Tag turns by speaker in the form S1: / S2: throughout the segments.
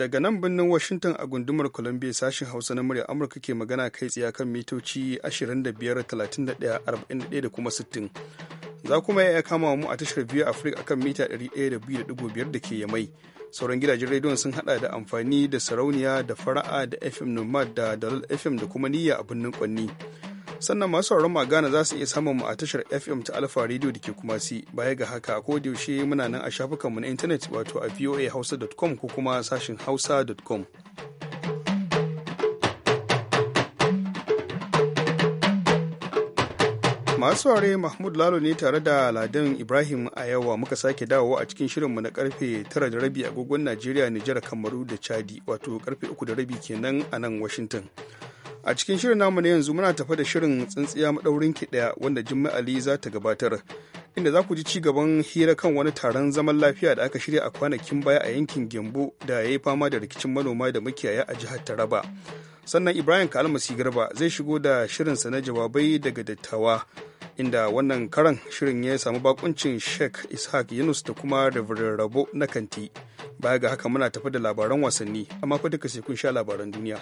S1: daga nan birnin Washington a gundumar Columbia sashen Hausa na murya Amurka ke magana kai tsaye kan mitoci 25, 31, 41 da kuma 60. Za kuma ya kama mu a tashar biyu Afirka akan mita 102.5 da ke yamai. Sauran gidajen rediyon sun hada da amfani da sarauniya da fara'a da FM Nomad da Dalal FM da kuma niyya a birnin Kwanni. sannan masu sauraron magana za su iya samun mu a tashar fm ta alfa radio da ke kuma si baya ga haka ko da yaushe muna nan a shafukanmu na intanet wato a voahausa.com ko kuma sashin hausa.com masu saurare mahmud lalo ne tare da ladan ibrahim a yawa muka sake dawowa a cikin shirin mu na karfe 9 da rabi agogon najeriya nijar kamaru da chadi wato karfe 3 da rabi kenan a nan washington a cikin shirin namu na yanzu muna tafa da shirin tsintsiya maɗaurin kiɗaya wanda jimma ali za ta gabatar inda za ku ji ci gaban hira kan wani taron zaman lafiya da aka shirya a kwanakin baya a yankin gembu da ya yi fama da rikicin manoma da makiyaya a jihar taraba sannan ibrahim kalmasi garba zai shigo da shirinsa na jawabai daga dattawa inda wannan karan shirin ya samu bakuncin sheikh ishaq yunus da kuma rabin rabo na kanti baya ga haka muna tafi da labaran wasanni amma fa duka sai kun sha labaran duniya.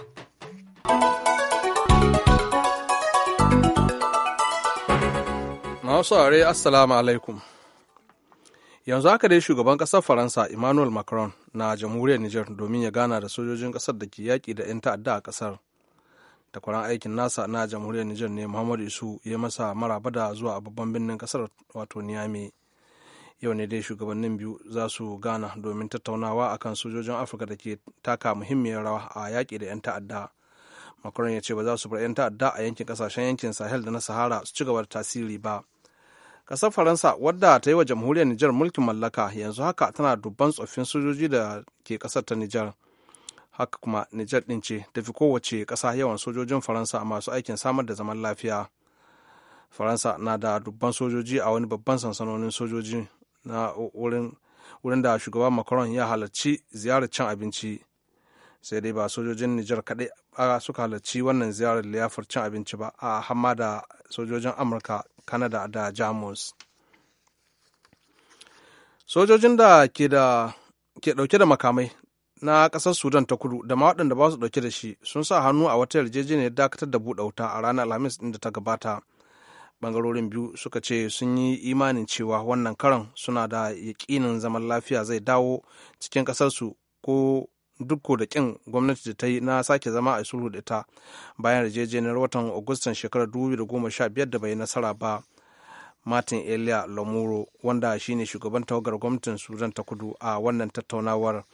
S2: Masu are assalamu alaikum. Yanzu haka dai shugaban ƙasar Faransa Emmanuel Macron na jamhuriyar Nijar domin ya gana da sojojin kasar da ke yaƙi da 'yan ta'adda a ƙasar. Takwaran aikin nasa na jamhuriyar Nijar ne Muhammadu Isu ya masa maraba da zuwa a babban birnin ƙasar wato Niamey. Yau ne dai shugabannin biyu za su gana domin tattaunawa a kan sojojin Afirka da ke taka muhimmiyar rawa a yaƙi da 'yan ta'adda. Macron ya ce ba za su bar 'yan ta'adda a yankin kasashen yankin Sahel da na Sahara su ci gaba da tasiri ba. Ƙasar Faransa wadda ta yi wa jamhuriyar Nijar mulkin mallaka yanzu haka tana dubban tsoffin sojoji da ke kasar ta Nijar. Haka kuma Nijar ɗin ce tafi kowace ƙasa yawan sojojin Faransa masu aikin samar da zaman lafiya. Faransa na da dubban sojoji a wani babban sansanonin sojoji na wurin da shugaba Macron ya halarci ziyarar cin abinci sai dai ba sojojin Nijar kaɗai ba suka halarci wannan ziyarar liyafar cin abinci ba a hamma da sojojin Amurka, Kanada da Jamus. Sojojin da ke da ke ɗauke da makamai na ƙasar Sudan ta kudu da ma waɗanda ba su ɗauke da shi sun sa hannu a wata yarjejeniyar dakatar da buɗe wuta a ranar Alhamis ɗin da ta gabata. Bangarorin biyu suka ce sun yi imanin cewa wannan karan suna da yaƙinin zaman lafiya zai dawo cikin ƙasarsu ko duk da kin gwamnati da ta yi na sake zama a sulhu da ta bayan rajejeniyar watan agustan shekarar 2015 da bai nasara ba martin elia lamuro wanda shine shugaban tawagar gwamnatin sudan ta kudu a wannan tattaunawar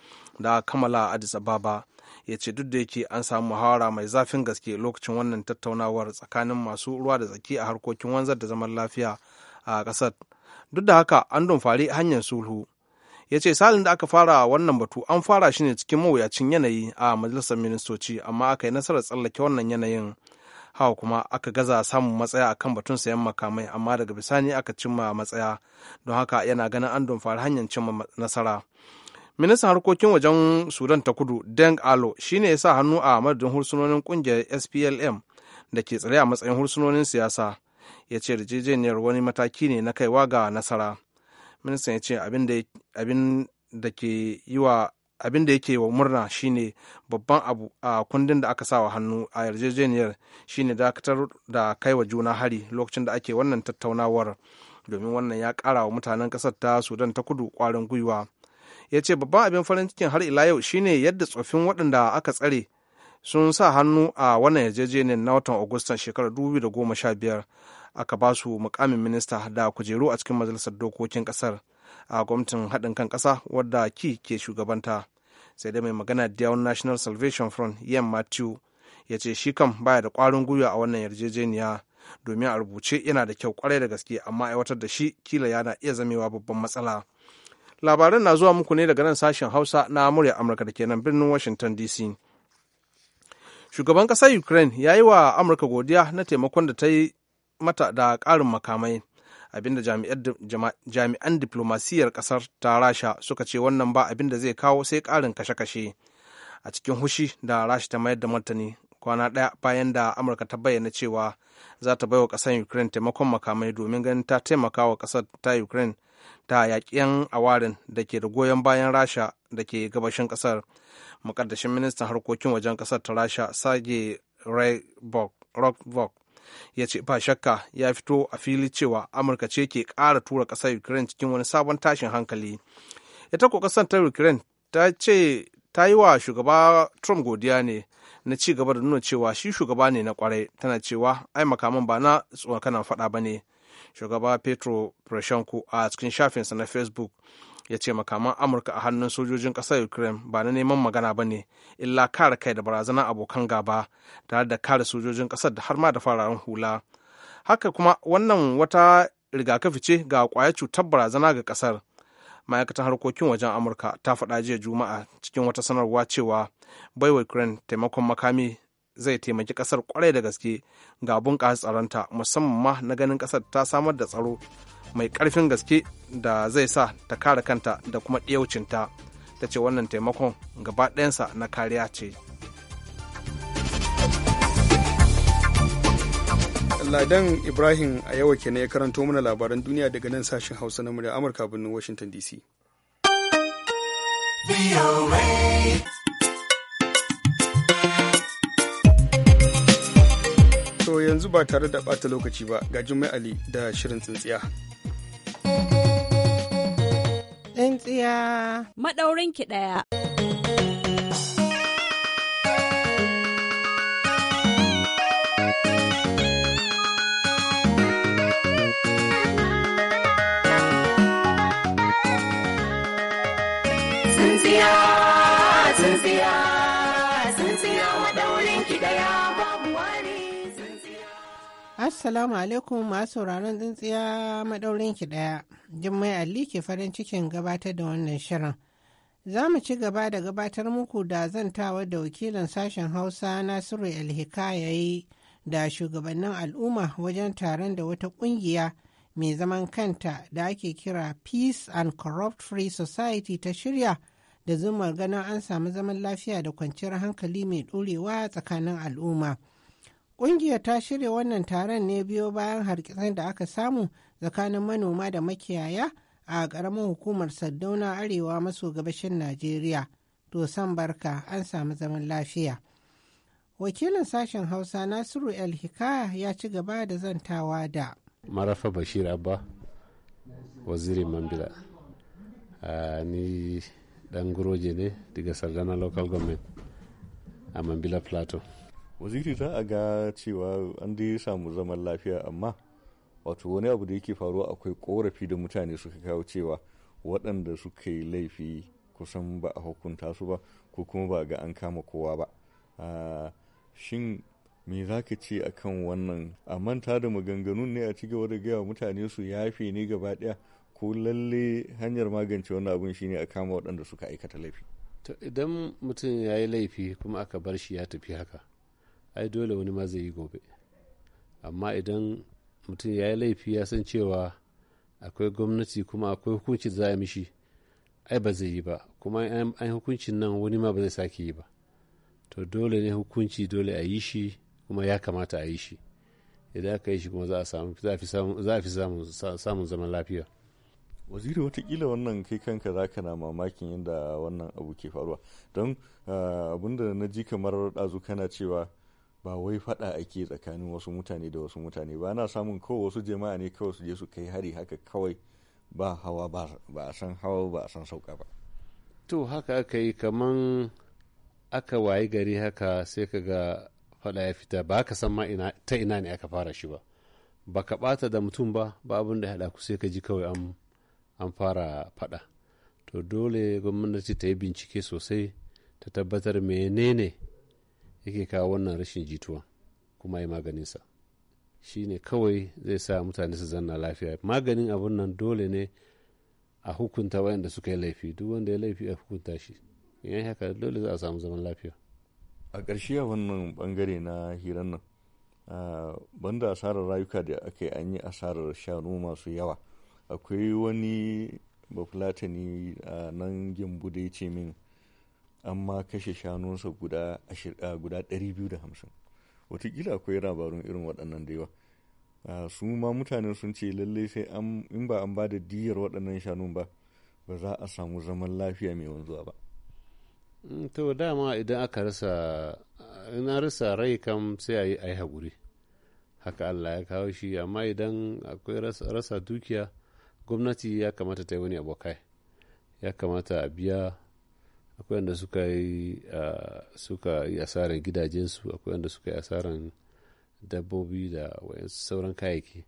S2: da kammala a addis ababa ya ce duk da yake an samu muhawara mai zafin gaske lokacin wannan tattaunawar tsakanin masu ruwa da tsaki a harkokin wanzar da zaman lafiya a ƙasar duk da haka an dumfari hanyar sulhu ya ce salin da aka fara wannan batu an fara shi ne cikin mawuyacin yanayi a majalisar ministoci amma aka yi nasarar tsallake wannan yanayin hawa kuma aka gaza samun matsaya akan batun sayan makamai amma daga bisani aka cimma matsaya don haka yana ganin an dumfari hanyar cimma nasara ministan harkokin wajen sudan ta kudu deng alo shine ya sa hannu a madadin hursunonin kungiyar splm da ke tsare a matsayin hursunonin siyasa ya ce yarjejeniyar wani mataki ne na kaiwa ga nasara ministan ya ce abin da ke yi wa murna shine babban abu a kundin da aka sawa hannu a yarjejeniyar shine dakatar da kai wa juna hari lokacin da ake wannan tattaunawar domin wannan ya kara wa mutanen kasar ta sudan ta kudu kwarin gwiwa ya ce babban abin farin cikin har ila yau shine yadda tsoffin waɗanda aka tsare sun sa hannu a wannan yarjejeniyar na watan agustan shekarar 2015 aka ba su mukamin minista da kujeru a cikin majalisar dokokin kasar a gwamnatin haɗin kan ƙasa wadda ki ke shugabanta sai dai mai magana da yawon national salvation front yan matthew ya ce shi kan baya da ƙwarin gwiwa a wannan yarjejeniya domin a rubuce yana da kyau kwarai da gaske amma aiwatar da shi kila yana iya zamewa babban matsala labaran na zuwa muku ne daga nan sashen hausa na murya amurka da ke nan birnin washington dc shugaban ƙasar ukraine ya yi wa amurka godiya na taimakon da ta yi mata da ƙarin makamai abinda jami'an diplomasiyyar ƙasar ta rasha suka ce wannan ba abinda zai kawo sai ƙarin kashe-kashe a cikin hushi da rasha ta mayar da martani kwana ɗaya bayan da amurka ta bayyana cewa za ta baiwa ƙasar ukraine taimakon makamai domin ganin ta taimaka wa ƙasar ta ukraine ta yaƙiyan awarin da ke da goyon bayan rasha da ke gabashin ƙasar makaddashin ministan harkokin wajen ƙasar ta rasha sage rockvok ya ce ba shakka ya fito a fili cewa amurka ce ke ƙara tura ƙasar ukraine cikin wani sabon tashin hankali ita ko ƙasar ta ukraine ta ce ta yi wa shugaba trump godiya ne na ci gaba da nuna cewa shi shugaba ne na kwarai tana cewa ai makaman ba na tsohon tsokanan faɗa ba ne shugaba petro poroshenko a cikin shafinsa na facebook ya ce makaman amurka a hannun sojojin ƙasar ukraine ba na neman magana ba ne illa kare kai da barazanar abokan gaba tare da kare sojojin ƙasar da har ma da fararen hula haka kuma wannan wata rigakafi ce ga kwaya cutar barazana ga ƙasar ma'aikatan harkokin wajen amurka ta faɗa jiya juma'a cikin wata sanarwa cewa baiwa ukraine taimakon makami zai taimaki kasar kwarai da gaske ga bunƙasa tsaronta musamman ma na ganin kasar ta samar da tsaro mai karfin gaske da zai sa ta kare kanta da kuma ɗiyaucinta ta ce wannan taimakon gaba ɗayansa na kariya ce ladan ibrahim a yawa ke
S1: ya karanto mana labaran duniya daga nan sashen hausa na murya amurka birnin washington dc to yanzu ba tare da ɓata lokaci ba ga Jummai Ali da shirin tsintsiya.
S3: tsintsiya maɗaurinki ɗaya. Assalamu alaikum masu sauraron tsintsiya maɗaurin ki ɗaya. Jummai Ali ke farin cikin gabatar da wannan shirin. Za mu ci gaba da gabatar muku da zantawa da wakilin sashen Hausa Nasiru Alhikaya yi da shugabannin al'umma wajen taron da wata ƙungiya mai zaman kanta da ake kira Peace and Corrupt Free Society ta shirya da zumar ganin an samu zaman lafiya da kwanciyar hankali mai ɗorewa tsakanin al'umma. Ƙungiyar ta shirya wannan taron ne biyo bayan hargitsin da aka samu tsakanin manoma da makiyaya a ƙaramin hukumar Sardauna Arewa maso gabashin Najeriya. To san barka an samu zaman lafiya. Wakilin sashen Hausa Nasiru El Hikaya ya ci gaba da zantawa da.
S4: Marafa Bashir Abba, wazirin Mambila. ni dan guroje ne daga Sardana Local Government a Mambila Plateau.
S5: waziri za a ga cewa an dai samu zaman lafiya amma wato wani abu da yake faruwa akwai korafi da mutane suka kawo cewa waɗanda suka yi laifi kusan ba a hukunta su ba ko kuma ba ga an kama kowa ba ah, shin me za ka ce kan wannan a manta da maganganun ne a ci gaba da gaya mutane su yafe ne gaba ɗaya ko lalle hanyar magance wannan abun shine a kama waɗanda suka aikata laifi
S4: idan mutum ya yi laifi kuma aka bar shi ya tafi haka ai dole wani ma zai yi gobe amma idan mutum ya yi laifi ya san cewa akwai gwamnati kuma akwai hukunci za a mishi ai ba zai yi ba kuma an hukuncin nan wani ma ba zai sake yi ba to dole ne hukunci dole a yi shi kuma ya kamata a yi shi idan aka yi shi kuma za a fi samun zaman lafiya waziri watakila wannan kai kanka za ka na mamakin
S5: yadda wannan abu ke faruwa don ah, abinda na ji kamar ɗazu kana cewa ba wai fada ake tsakanin wasu mutane da wasu mutane ba na samun kawai wasu jama'a ne kawai su je su kai hari haka kawai ba hawa ba a san hawa ba a san sauka ba
S4: to haka aka yi kaman aka wayi gari haka sai ka ga fada ya fita ba ka san ma ta ina ne aka fara shi ba ba ka bata da mutum ba ba abin da haɗa ku sai ka ji kawai an an fara fada to dole gwamnati ta yi bincike sosai ta tabbatar menene yake kawo wannan rashin jituwa kuma ya maganinsa shi ne kawai zai sa mutane su zanna lafiya maganin abun nan dole ne a hukunta wayanda suka yi laifi duk wanda ya laifi a hukunta shi yan haka dole za a samu zaman lafiya a ƙarshe wannan
S5: bangare na hiran nan banda asarar rayuka da aka yi an yi asarar shanu masu yawa akwai wani bafulatani a nan gimbu da ya ce min an ma kashe shanunsa guda ah, guda 250 watakila akwai labarun irin waɗannan da yawa ah, su ma mutane sun ce lalle sai in ba an ba da diyar waɗannan shanun ba ba za a samu zaman lafiya mai wanzuwa ba
S4: mm, to dama idan aka rasa in an rasa rai kam sai a yi a haƙuri haka allah ya kawo shi amma idan akwai rasa dukiya gwamnati ya kamata ta yi wani abokai ya kamata a biya akwai wanda suka yi suka yi asarar gidajensu akwai wanda suka yi asarar dabbobi da wayansu sauran kayayyaki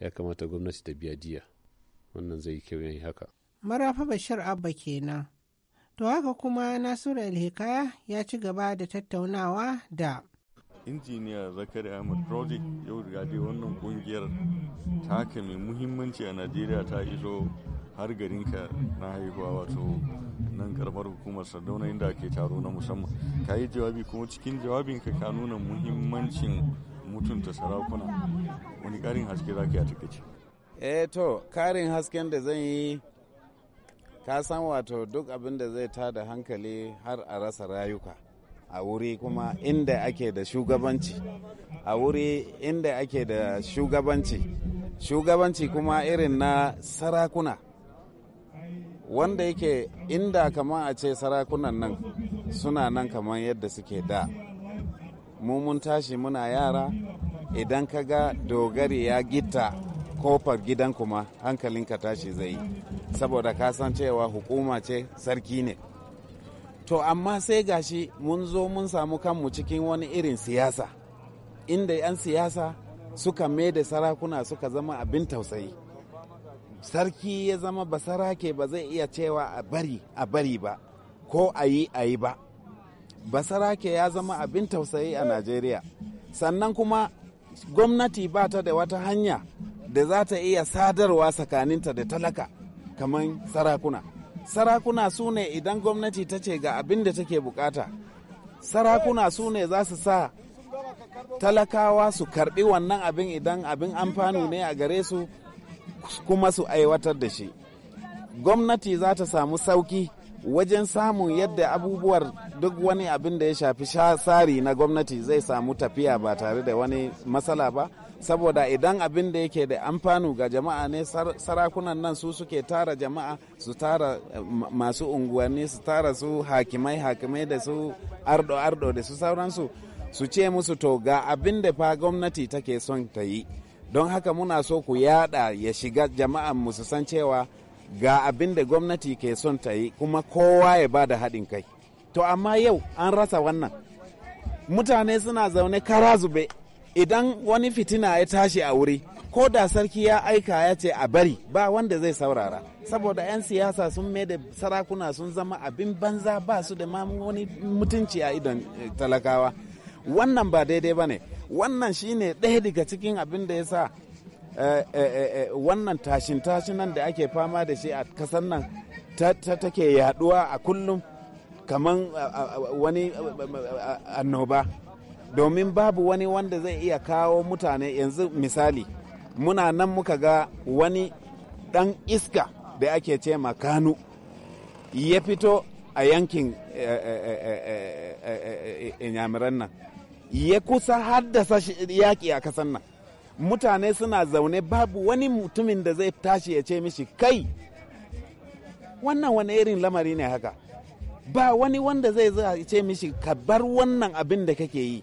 S4: ya kamata gwamnati ta biya jiya wannan zai kyau yin haka
S3: marafa bashir abba kenan to haka kuma nasiru alhikaya ya ci gaba da tattaunawa da
S5: injiniya zakari ahmad project yau da wannan kungiyar taka mai muhimmanci a najeriya ta iso har garinka na haihuwa wato nan karamar hukumar sardauna inda ake taro na musamman ka yi jawabi kuma cikin jawabinka ka
S6: nuna muhimmancin mutunta sarakuna wani karin haske za ka yi a takaice eh to karin hasken da zan yi ka san wato duk abin da zai ta da hankali har a rasa rayuka a wuri kuma inda ake da shugabanci a wuri inda ake da shugabanci shugabanci kuma irin na sarakuna wanda yake inda kama a ce sarakunan nan suna nan kamar yadda suke da mu mun tashi muna yara idan ka ga dogari ya gita kofar gidan kuma hankalinka tashi zai yi saboda ka san cewa hukuma ce sarki ne to amma sai gashi mun zo mun samu kanmu cikin wani irin siyasa inda 'yan siyasa suka mai da sarakuna suka zama abin tausayi sarki ya zama basarake ba zai iya cewa a bari a bari ba ko a yi a yi ba basarake ya zama abin tausayi a najeriya sannan kuma gwamnati ba ta da wata hanya da za ta iya sadarwa tsakaninta da talaka kamar sarakuna sarakuna su ne idan gwamnati ta ce ga abin da take bukata sarakuna su ne za su sa talakawa su karbi wannan abin idan abin amfani ne a gare su kuma su aiwatar da shi gwamnati za ta samu sauki wajen samun yadda abubuwar duk wani abin da ya shafi tsari na gwamnati zai samu tafiya ba tare da wani matsala ba saboda idan abin da yake da amfanu ga jama'a ne sarakunan nan su suke tara jama'a su tara masu unguwanni su tara su hakimai hakimai da su ardo ardo da su sauransu su ce musu to ga abin da fa gwamnati take son ta yi don haka muna so ku yada ya shiga jama'an musu san cewa ga abin da gwamnati ke son ta yi kuma kowa ya ba da haɗin kai to amma yau an rasa wannan mutane suna zaune kara zube idan wani fitina ya tashi a wuri ko da sarki ya aika ya ce a bari ba wanda zai saurara saboda 'yan siyasa sun mai da sarakuna sun zama abin banza ba su da ma wani mutunci a idon eh, talakawa wannan ba daidai ba ne wannan shine ɗaya daga cikin abin da ya sa wannan tashin tashinan da ake fama da shi a kasar nan ta take yaduwa a kullum kamar wani annoba domin babu wani wanda zai iya kawo mutane yanzu misali muna nan muka ga wani ɗan iska da ake ce kanu ya fito a yankin inyamiran nan ya kusa haddasa yaƙi a kasan nan mutane suna zaune babu wani mutumin da zai tashi ya ce mishi kai wannan wani irin lamari ne haka ba wani wanda zai ce mishi ka bar wannan abin da kake yi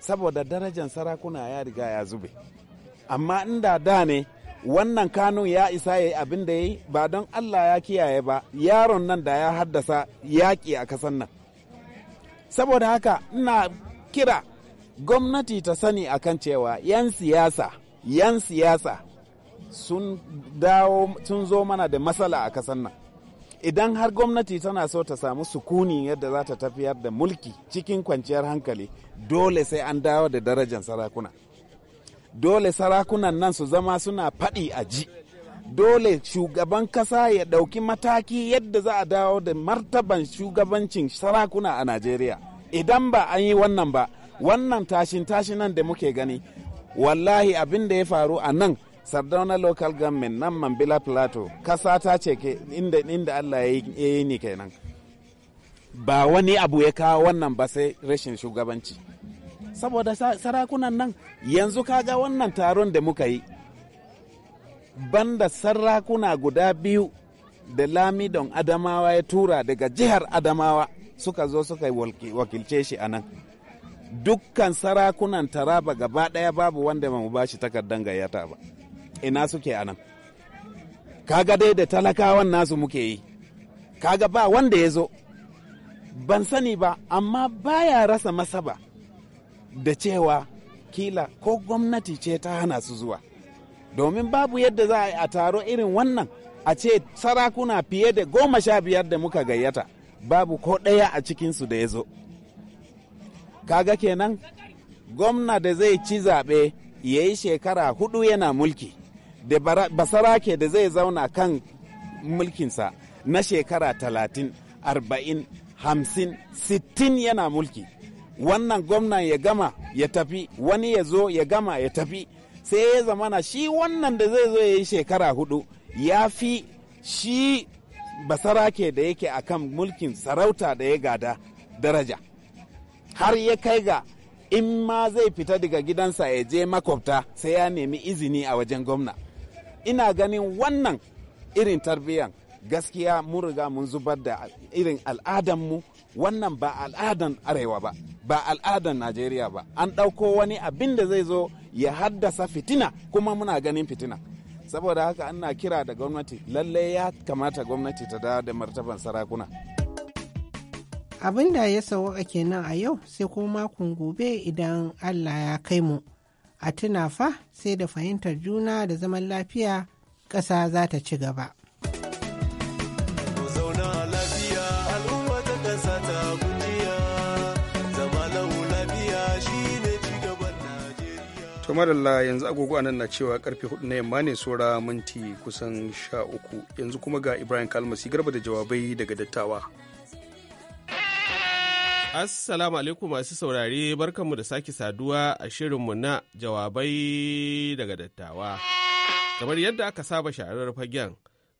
S6: saboda darajan sarakuna ya riga ya zube amma inda da ne wannan kanun ya isa ya yi abin da ya yi ba don allah ya kiyaye ba yaron nan da ya haddasa yaƙi a kasan nan saboda haka ina kira gwamnati ta sani akan cewa 'yan siyasa 'yan siyasa sun dawo sun zo mana da matsala a kasan nan idan har gwamnati tana so ta samu sukuni yadda za ta tafiyar da mulki cikin kwanciyar hankali dole sai an dawo da darajar sarakuna dole sarakunan nan su zama suna faɗi a ji dole shugaban kasa ya ɗauki mataki yadda za a dawo da martaban shugabancin sarakuna a najeriya idan ba an yi wannan ba wannan tashin tashinan da muke gani wallahi abin da ya faru a nan sardauna local government nan mambila plateau kasa ta ce inda, inda allah ya yi ni kenan ba wani abu ya kawo wannan ba sai rashin shugabanci saboda sarakunan nan yanzu kaga wannan taron da muka yi banda sarakuna guda biyu da lamidon adamawa ya tura daga jihar adamawa suka zo suka yi wakilce shi a nan dukkan sarakunan taraba gaba ɗaya babu wanda ba mu ba shi takardar gayyata ba ina suke a nan kaga dai da talakawan nasu muke yi kaga ba wanda ya zo ban sani ba amma baya rasa masaba da cewa kila ko gwamnati ce ta hana su zuwa domin babu yadda za a yi a taro irin wannan a ce sarakuna fiye da goma sha biyar da muka gayyata babu ko ɗaya a cikinsu da ya zo kaga kenan gwamna da zai ci zaɓe ya yi shekara hudu yana mulki da basarake da zai zauna kan mulkinsa na shekara talatin arba'in hamsin sittin yana mulki wannan gwamnan ya gama ya tafi wani ya zo ya gama ya tafi sai ya zamana shi wannan da zai zo ya yi shekara hudu ya fi shi basarake da yake a kan mulkin sarauta da ya gada daraja har ya kai ga in ma zai fita daga gidansa ya je makwabta sai ya nemi izini a wajen gwamna ina ganin wannan irin tarbiyyar gaskiya mun riga mun zubar da irin al'adanmu wannan ba al'adan arewa ba ba al'adan najeriya ba an ɗauko wani abin da zai zo ya haddasa fitina kuma muna ganin fitina saboda haka ana kira da gwamnati lalle ya kamata gwamnati ta dawo da martaban sarakuna
S3: abin da ya sauwaka kenan a yau sai kuma makon gobe idan allah ya kai mu a tuna fa sai da fahimtar juna da zaman lafiya ƙasa za ta ci gaba
S1: to madalla yanzu agogo anan na cewa karfe hudu na yamma ne saura minti kusan sha uku yanzu kuma ga ibrahim kalmasi garba da jawabai daga dattawa
S7: assalamu alaikum masu saurare barkanmu da sake saduwa a shirinmu na jawabai daga dattawa kamar yadda aka saba shaharar fagen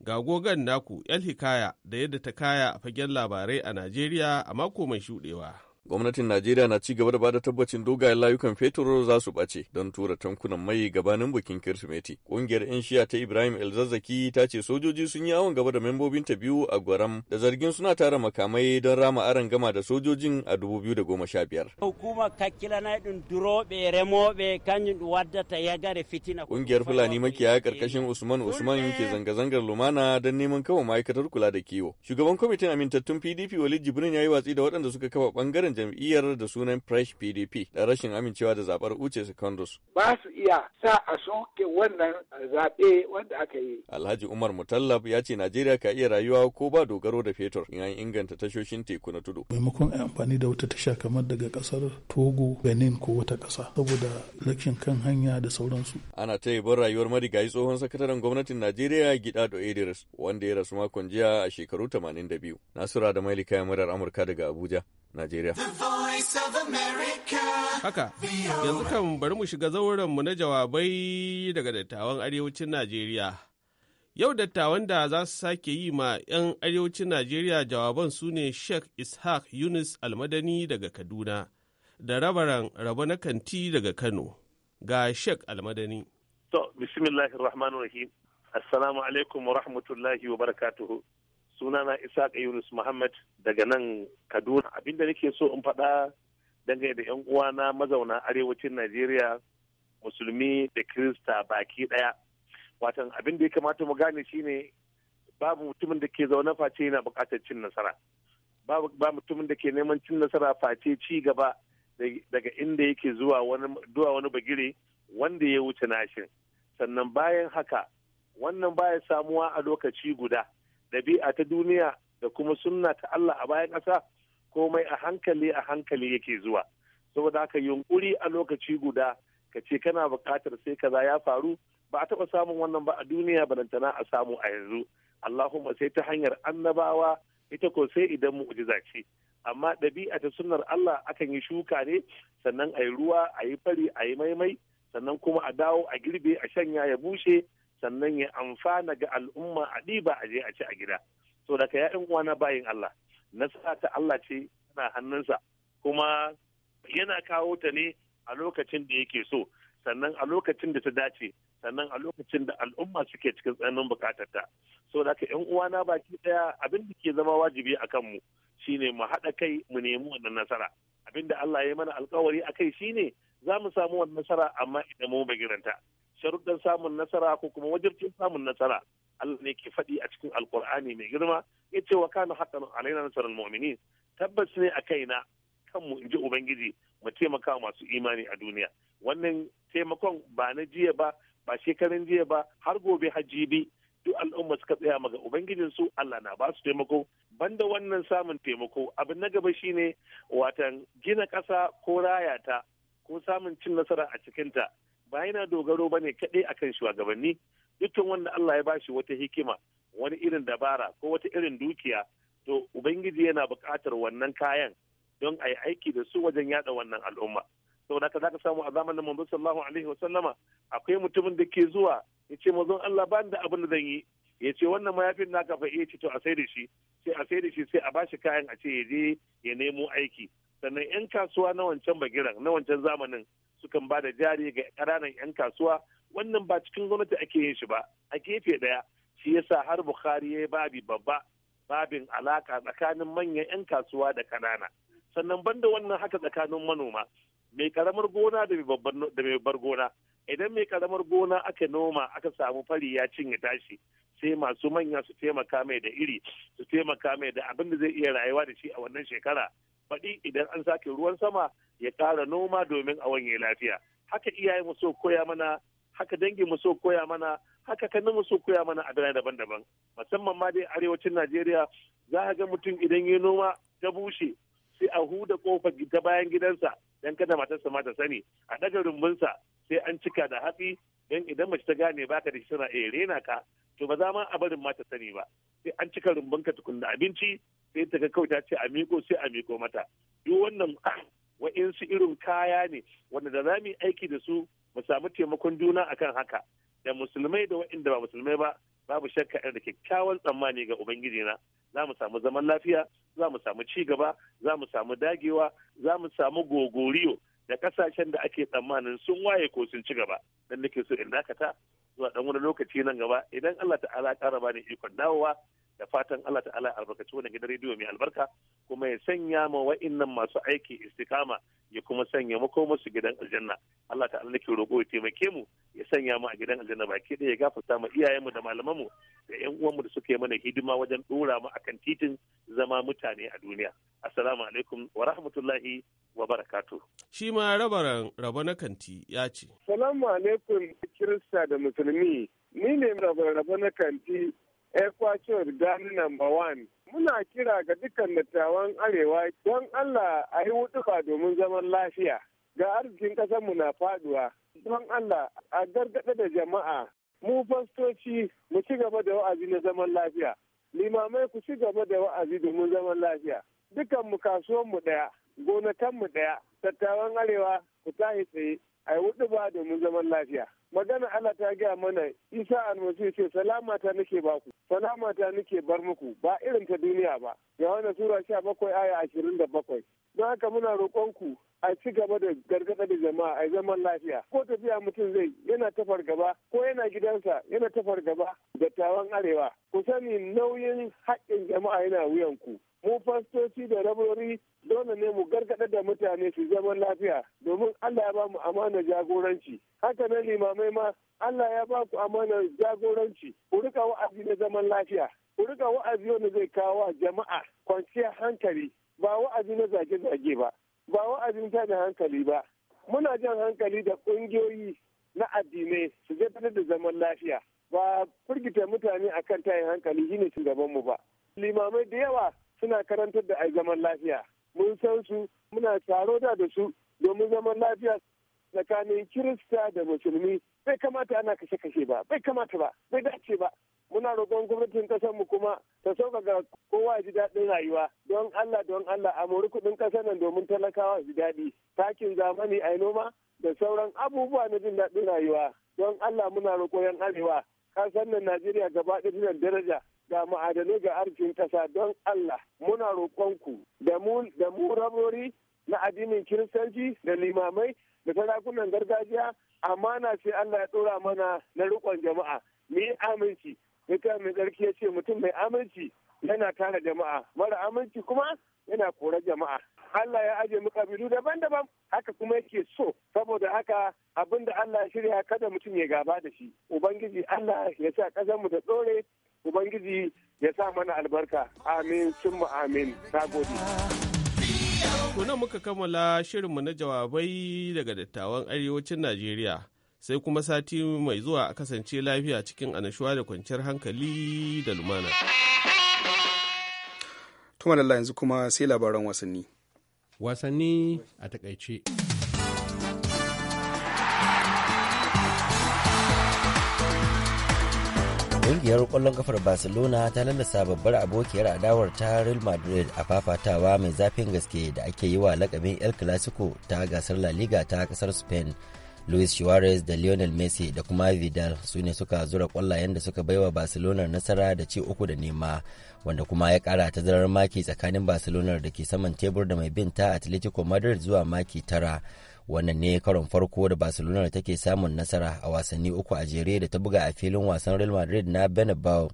S7: ga gogan naku 'yan hikaya da yadda ta kaya a fagen labarai a najeriya a mako mai shudewa
S8: gwamnatin Najeriya na ci gaba da bada tabbacin dogayen layukan fetur za su bace don tura tankunan mai gabanin bikin Kirsimeti. Ƙungiyar 'yan shiya ta Ibrahim Elzazzaki ta ce sojoji sun yi awon gaba da membobin ta biyu a Gwaram da zargin suna tara makamai don rama aron gama da sojojin a 2015.
S9: Hukuma kakila na ɗin duroɓe remoɓe kanjum wadda ta gare fitina.
S8: Ƙungiyar Fulani makiyaya karkashin Usman Usman ke zanga-zangar lumana don neman kawo ma'aikatar kula da kiwo. Shugaban kwamitin amintattun PDP Walid Jibrin ya yi watsi da waɗanda suka kafa ɓangaren jam'iyyar da sunan Fresh PDP da rashin amincewa da zabar Uche Secondus.
S10: Ba su iya sa a soke wannan zaɓe wanda aka yi.
S8: Alhaji Umar Mutallab ya ce Najeriya ka iya rayuwa ko ba dogaro da fetur in an inganta tashoshin teku na tudu.
S7: Maimakon a amfani da wata tasha kamar daga ƙasar Togo, Benin ko wata ƙasa saboda lakin kan hanya da sauransu.
S8: Ana ta yi ban rayuwar marigayi tsohon sakataren gwamnatin Najeriya Gidado Idris wanda ya rasu makon jiya a shekaru 82. Nasura da Mailika Murar Amurka daga Abuja, Najeriya. Haka, yanzu kan bari mu shiga mu na jawabai daga dattawan
S7: arewacin Najeriya. Yau dattawan da za su sake yi ma 'yan arewacin Najeriya jawaban su ne Sheikh Ishaq Yunus Almadani daga Kaduna da rabaran rabo na kanti daga Kano. Ga Sheikh Almadani.
S11: To, bismillahirrahmanirrahim. Assalamu alaikum wa rahmatullahi wa barakatuhu. sunana Isaac Yunus Muhammad daga nan Kaduna abinda nake so in faɗa dangane da 'yan uwana mazauna arewacin Najeriya musulmi da Kirista baki ɗaya. Watan abin da ya kamata mu gane shine babu mutumin da ke zaune face yana buƙatar cin nasara. Babu ba mutumin da ke neman cin nasara face ci gaba daga inda yake zuwa wani zuwa wani bagire wanda ya wuce nashin. Sannan bayan haka wannan baya samuwa a lokaci guda. ɗabi'a ta duniya da kuma sunna ta Allah a bayan ƙasa komai a hankali a hankali yake zuwa saboda haka yunkuri a lokaci guda ka ce kana buƙatar sai kaza ya faru ba a taɓa samun wannan ba a duniya balantana a samu a yanzu Allahumma sai ta hanyar annabawa ita ko sai idan mu'jiza ce amma ɗabi'a ta sunnar Allah akan yi shuka ne sannan a yi ruwa a yi fari a yi maimai sannan kuma a dawo a girbe a shanya ya bushe sannan ya amfana ga al'umma a ɗiba a je a ci a gida so daga ya'yan uwa na bayin Allah nasara ta Allah ce na hannunsa kuma yana kawo ta ne a lokacin da yake so sannan a lokacin da ta dace sannan a lokacin da al'umma suke cikin tsananin ta. so ƴan yan uwana baki ɗaya abin da ke zama wajibi a kanmu shine mu haɗa kai mu nemi wannan nasara abin da Allah ya mana alkawari a kai shine za mu samu wannan nasara amma idan mu bagiranta sharuddan samun nasara ko kuma wajibcin samun nasara Allah ne ke faɗi a cikin alkur'ani mai girma ya ce wa kana haƙan alaina nasarar mu'minin tabbas ne a kaina kanmu in ji ubangiji mu taimaka masu imani a duniya wannan taimakon ba na jiya ba ba shekarun jiya ba har gobe hajji bi duk al'umma suka tsaya maga ubangijin su Allah na basu taimako banda wannan samun taimako abin na gaba shine watan gina ƙasa ko rayata, ko samun cin nasara a cikinta ba yana dogaro ba ne kaɗai akan shugabanni dukkan wanda Allah ya bashi wata hikima wani irin dabara ko wata irin dukiya to ubangiji yana buƙatar wannan kayan don a yi aiki da su wajen yada wannan al'umma saboda haka zaka samu a zamanin manzo sallallahu alaihi wasallama akwai mutumin da ke zuwa ya ce mazon Allah ba da abin da zan yi ya ce wannan mayafin naka fa iya eh, ce to a sai da shi sai a sai da shi sai a bashi kayan a ce ya je ya nemo aiki sannan yan kasuwa na wancan bagiran na wancan zamanin sukan ba da jari ga ƙananan 'yan kasuwa wannan ba cikin gwamnati ake yin shi ba a gefe ɗaya shi yasa har bukhari ya yi babi babba babin alaka tsakanin manyan 'yan kasuwa da ƙanana sannan banda wannan haka tsakanin manoma mai karamar gona da mai bar gona idan mai karamar gona aka noma aka samu fari ya cinye tashi sai masu manya su taimaka mai da iri su taimaka mai da abin da zai iya rayuwa da shi a wannan shekara faɗi idan an sake ruwan sama ya kara noma domin a wanye lafiya haka iyaye mu so koya mana haka dangi mu so koya mana haka kanin mu so koya mana a birane daban-daban musamman ma dai arewacin Najeriya za a ga mutum idan ya noma ta bushe sai a huda kofar ta bayan gidansa dan kada matarsa ma ta sani a daga rumbunsa sai an cika da hatsi dan idan mace ta gane baka da shi tana iya rena ka to ba za ma a barin ma ta sani ba sai an cika rumbunka tukun da abinci sai ta ga kawai ta ce a miko sai a miko mata duk wannan wa'insu irin kaya ne wanda da za mu yi aiki da su mu samu taimakon juna akan haka da musulmai da wa'inda ba musulmai ba babu shakka da kyakkyawan tsammani ga ubangiji na za mu samu zaman lafiya za mu samu ci gaba za mu samu dagewa za mu samu gogoriyo da kasashen da ake tsammanin sun waye ko sun ci gaba dan nake so in dakata zuwa dan wani lokaci nan gaba idan Allah ta'ala ya ƙara bani ikon dawowa da fatan Allah ta'ala albarkaci wannan gidan rediyo mai albarka kuma ya sanya ma wa'annan masu aiki istikama ya kuma sanya mako masu gidan aljanna Allah ta'ala nake roƙo ya taimake mu ya sanya mu a gidan aljanna baki ɗaya ya gafarta mu iyayenmu da malamanmu da ƴan uwanmu da suke mana hidima wajen dora mu akan titin zama mutane a duniya assalamu alaikum wa rahmatullahi wa barakatuh shi
S7: ma rabaran raba na kanti
S11: ya ce salamu alaikum kirista da musulmi
S10: ni ne rabaran raba na kanti Ecuador Ghana number one. Muna kira ga dukkan dattawan Arewa don Allah a yi wutufa domin zaman lafiya. Ga arzikin ƙasarmu na faduwa. Don Allah a gargaɗa da jama'a. Mu fastoci mu ci gaba da wa'azi na zaman lafiya. Limamai ku ci gaba da wa'azi domin zaman lafiya. mu kasuwanmu ɗaya, gonakanmu ɗaya, dattawan Arewa ku tashi tsaye, a yi wutufa domin zaman lafiya. magana Allah ta gaya mana Isa almasihu ce salama ta nake baku salama ta nake bar muku ba irin ta duniya ba Yohana sura bakwai aya ashirin da bakwai. don haka muna ku. a ci gaba da gargaɗa da jama'a a zaman lafiya ko tafiya mutum zai yana ta fargaba ko yana gidansa yana ta fargaba da tawan arewa ku sani nauyin haƙƙin jama'a yana wuyan ku mu fastoci da rabarori dole ne mu gargaɗa da mutane su zaman lafiya domin Allah ya ba mu amana jagoranci haka na limamai ma Allah ya ba ku amana jagoranci ku rika wa'azi na zaman lafiya ku rika wa'azi wanda zai kawo jama'a kwanciyar hankali ba wa'azi na zage-zage ba ba wa'azin ta da hankali ba muna jan hankali da ƙungiyoyi na addinai su gabatar da zaman lafiya ba firgita mutane akan tayin hankali shine shugabanmu ba limamai da yawa suna karantar da ai zaman lafiya mun san su muna taro da da su domin zaman lafiya tsakanin kirista da musulmi bai kamata ana kashe-kashe ba bai kamata ba bai dace ba muna roƙon gwamnatin ƙasar mu kuma ta sauƙaƙa kowa ji daɗin rayuwa don Allah don Allah a mori kuɗin ƙasar nan domin talakawa ji daɗi takin zamani a noma da sauran abubuwa na jin daɗin rayuwa don Allah muna roƙo yan arewa ƙasar nan Najeriya gaba ɗaya daraja ga ma'adanai ga arzikin ƙasa don Allah muna roƙon ku da mu da mu rabori na addinin kiristanci da limamai da sarakunan gargajiya amana sai Allah ya ɗora mana na rikon jama'a mu yi aminci ya mai tsarki ya ce mutum mai aminci yana tara jama'a mara aminci kuma yana kora jama'a Allah ya ajiye mu kabilu daban-daban haka kuma yake so saboda haka abin da Allah ya shirya kada mutum ya gaba da shi ubangiji Allah ya sa kasar mu da tsore ubangiji ya sa mana albarka amin summa amin nagode
S7: to muka kammala shirinmu na jawabai daga dattawan arewacin Najeriya sai kuma sati mai zuwa a kasance lafiya cikin anashuwa da kwanciyar hankali da lumana.
S1: Tuma da yanzu kuma sai labaran wasanni.
S2: Wasanni a takaice.
S9: Ƙungiyar ƙwallon kafar Barcelona ta lalata babbar abokiyar adawar ta Real Madrid a fafatawa mai zafin gaske da ake yi wa lakabin El Clasico ta gasar La Liga ta ƙasar Spain. luis suarez da lionel messi da kuma vidal su ne suka zura kwallayen da suka baiwa barcelona nasara da ci uku da nema wanda kuma ya kara tazarar maki tsakanin barcelona da ke saman tebur da mai binta atletico madrid zuwa maki tara wannan ne karon farko da barcelona take samun nasara a wasanni uku a jere da ta buga a filin wasan real madrid na benabao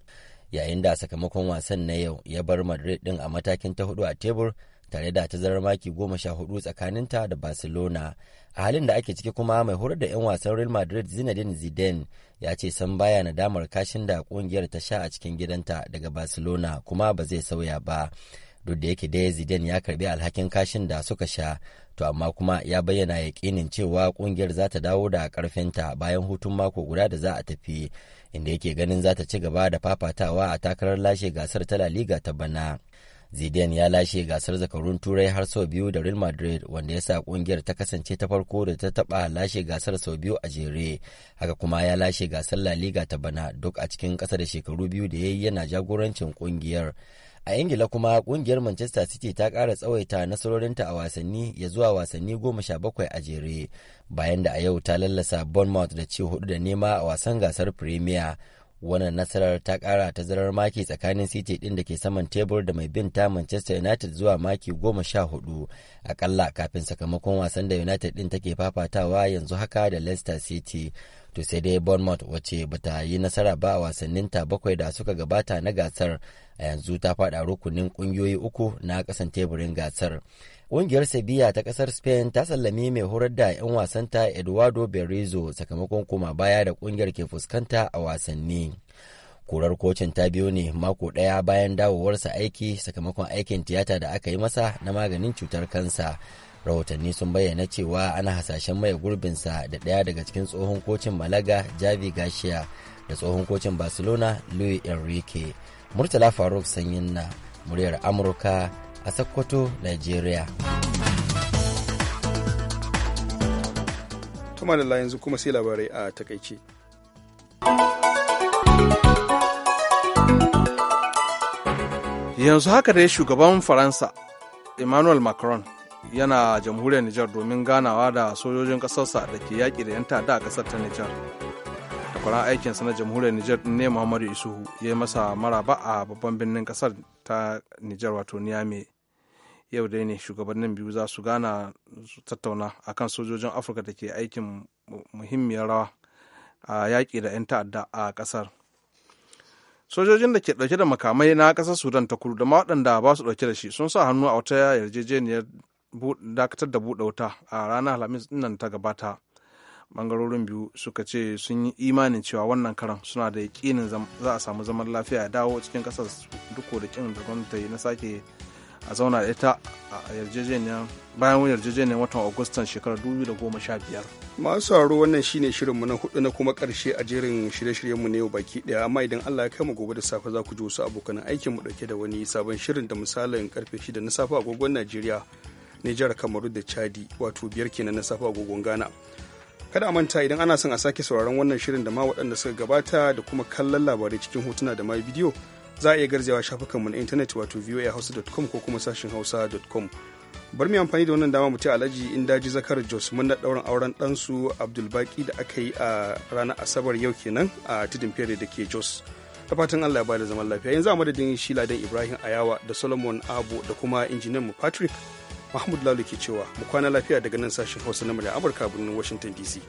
S9: yayin da sakamakon wasan na yau ya bar madrid din a matakin ta hudu a tebur tare da tazarar maki goma sha hudu tsakaninta da barcelona a halin da ake ciki kuma mai horar da 'yan wasan real madrid zinedine zidane ya ce san baya nadamar kashin da kungiyar ta sha a cikin gidanta daga barcelona kuma ba zai sauya ba duk da yake dai zidane ya karbi alhakin kashin da suka sha to amma kuma ya bayyana yaƙinin cewa kungiyar za ta dawo da karfinta bayan hutun mako guda da za a tafi inda yake ganin za ta ci gaba da fafatawa a takarar lashe gasar ta la liga ta bana Zidane ya lashe gasar zakarun turai har sau biyu da Real Madrid wanda ya sa kungiyar ta kasance ta farko da ta taba lashe gasar sau biyu a jere. Haka kuma ya lashe gasar La Liga ta bana duk a cikin kasa da shekaru biyu da ya yi yana jagorancin kungiyar. A Ingila kuma kungiyar Manchester City ta kara tsawaita nasarorinta a wasanni ya zuwa wasanni goma sha bakwai a jere bayan da a yau ta lallasa Bournemouth da ci hudu da nema a wasan gasar Premier. wannan nasarar ta kara tazarar maki tsakanin city din da ke saman tebur da mai bin ta manchester united zuwa maki goma sha hudu akalla kafin sakamakon wasan da united din take fafatawa yanzu haka da leicester city to sai dai bournemouth wace bata yi nasara ba a wasannin ta bakwai da suka gabata na gasar a yanzu ta fada rukunin kungiyoyi uku na kasan teburin gasar Ƙungiyar Sevilla ta ƙasar Spain ta sallami mai horar da 'yan wasanta Eduardo Berizzo sakamakon koma baya da ƙungiyar ke fuskanta a wasanni. Kurar kocin ta biyu ne mako ɗaya bayan dawowarsa aiki sakamakon aikin tiyata da aka yi masa na maganin cutar kansa. Rahotanni sun bayyana cewa ana hasashen maye gurbinsa da ɗaya daga cikin tsohon kocin Malaga Javi Garcia da tsohon kocin Barcelona Luis Enrique. Murtala Faruk Sanyin na muryar Amurka a Sokoto, Nigeria.
S1: Tuma da yanzu kuma sai labarai a takaice.
S2: Yanzu haka dai shugaban Faransa Emmanuel Macron yana jamhuriyar Nijar domin ganawa da sojojin ƙasarsa da ke yaƙi da 'yan ta'adda a ƙasar ta Nijar. takwaran aikinsa na jamhuriyar Nijar ne Muhammadu Isuhu ya yi masa maraba a babban birnin kasar ta Nijar wato Niamey yau dai ne shugabannin biyu za su gana su tattauna kan sojojin afirka da ke aikin muhimmiyar rawa a yaƙi da 'yan ta'adda a ƙasar sojojin da ke ɗauke da makamai na ƙasar sudan ta kudu da ma waɗanda ba su ɗauke da shi sun sa hannu a wata yarjejeniyar dakatar da buɗe wuta a ranar alhamis nan ta gabata bangarorin biyu suka ce sun yi imanin cewa wannan karan suna da yaƙinin za a samu zaman lafiya ya dawo cikin ƙasar duk da kin da gwamnati na sake a zauna da ita a yarjejeniyar bayan wani yarjejeniyar watan agustan shekarar 2015
S1: masu sauraro wannan shine shirinmu na hudu na kuma karshe a jerin shirye-shiryenmu na yau baki daya amma idan allah ya kai mu gobe da safe za ku ji wasu abokan mu dauke da wani sabon shirin da misalin karfe shida na safe agogon najeriya nijar kamaru da chadi wato biyar kenan na safe agogon ghana kada manta idan ana son a sake sauraron wannan shirin da ma waɗanda suka gabata da kuma kallon labarai cikin hotuna da ma bidiyo za a iya garzewa shafukanmu na intanet wato voahouse.com ko kuma sashin hausa.com bar mu amfani da wannan dama mu ce alhaji in daji zakar jos mun na ɗaurin auren ɗansu abdulbaki da aka yi a ranar asabar yau kenan a tudun fere da ke jos da fatan allah ya bada zaman lafiya yanzu a madadin shi ladan ibrahim ayawa da solomon abu da kuma injiniyan mu patrick mahmud lalu ke cewa mu kwana lafiya daga nan sashin hausa na
S11: murya amurka birnin washington dc